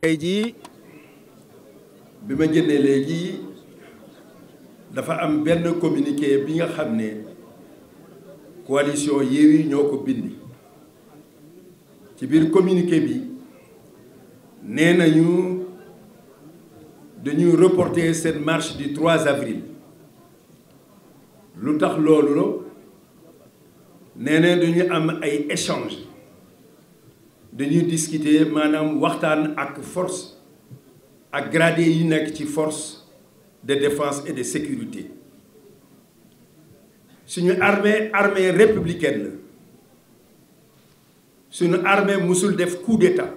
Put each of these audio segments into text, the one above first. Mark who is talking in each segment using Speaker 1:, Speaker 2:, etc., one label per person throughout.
Speaker 1: tey jii bi ma jëndee léegi dafa am benn communiqué bi nga xam ne coalition Yewwi ñoo ko bind ci biir communiqué bi nee nañu dañuy reporter seen marche du 3 avril lu tax loolu nee na dañu am ay échange dañuy discuter maanaam waxtaan ak force ak gradé yi nekk ci force de défense et de sécurité suñu armee armée républicaine la suñu armee mosul def coup d'état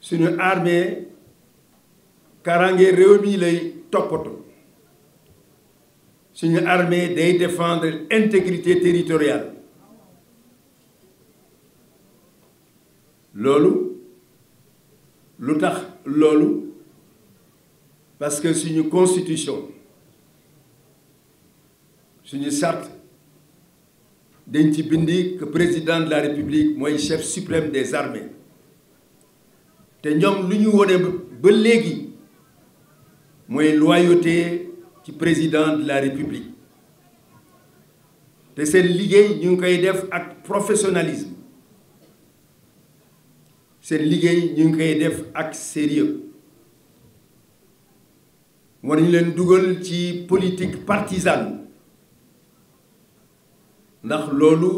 Speaker 1: suñu armee karange réew mi lay toppatoo suñu armee day défendre intégrité territoriale loolu lu tax loolu parce que suñu constitution suñu charte dañ ci bind que président de la république mooy chef suprême des armées te ñoom lu ñu wone ba léegi mooy loyauté ci président de la république te seen liggéey ñu ngi koy def ak professionnalisme seen liggéey ñu ngi koy def ak sérieux war ñu leen dugal ci politique partisane ndax loolu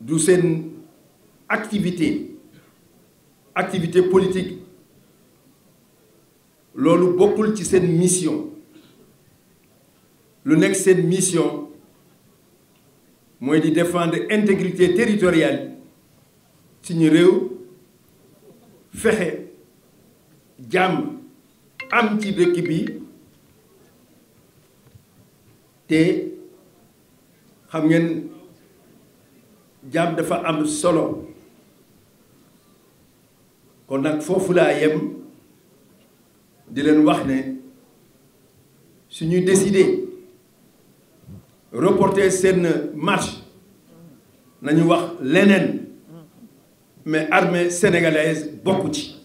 Speaker 1: du seen activité activité politique loolu bokkul ci seen mission lu nekk seen mission mooy di défendre intégrité territoriale ci ñu réew fexe jàmm am ci dëkk bi te xam ngeen jàmm dafa am solo kon nag foofu laa yem di leen wax ne suñuy décider reporter seen marche nañu wax leneen mais armée sénégalaise bokku ci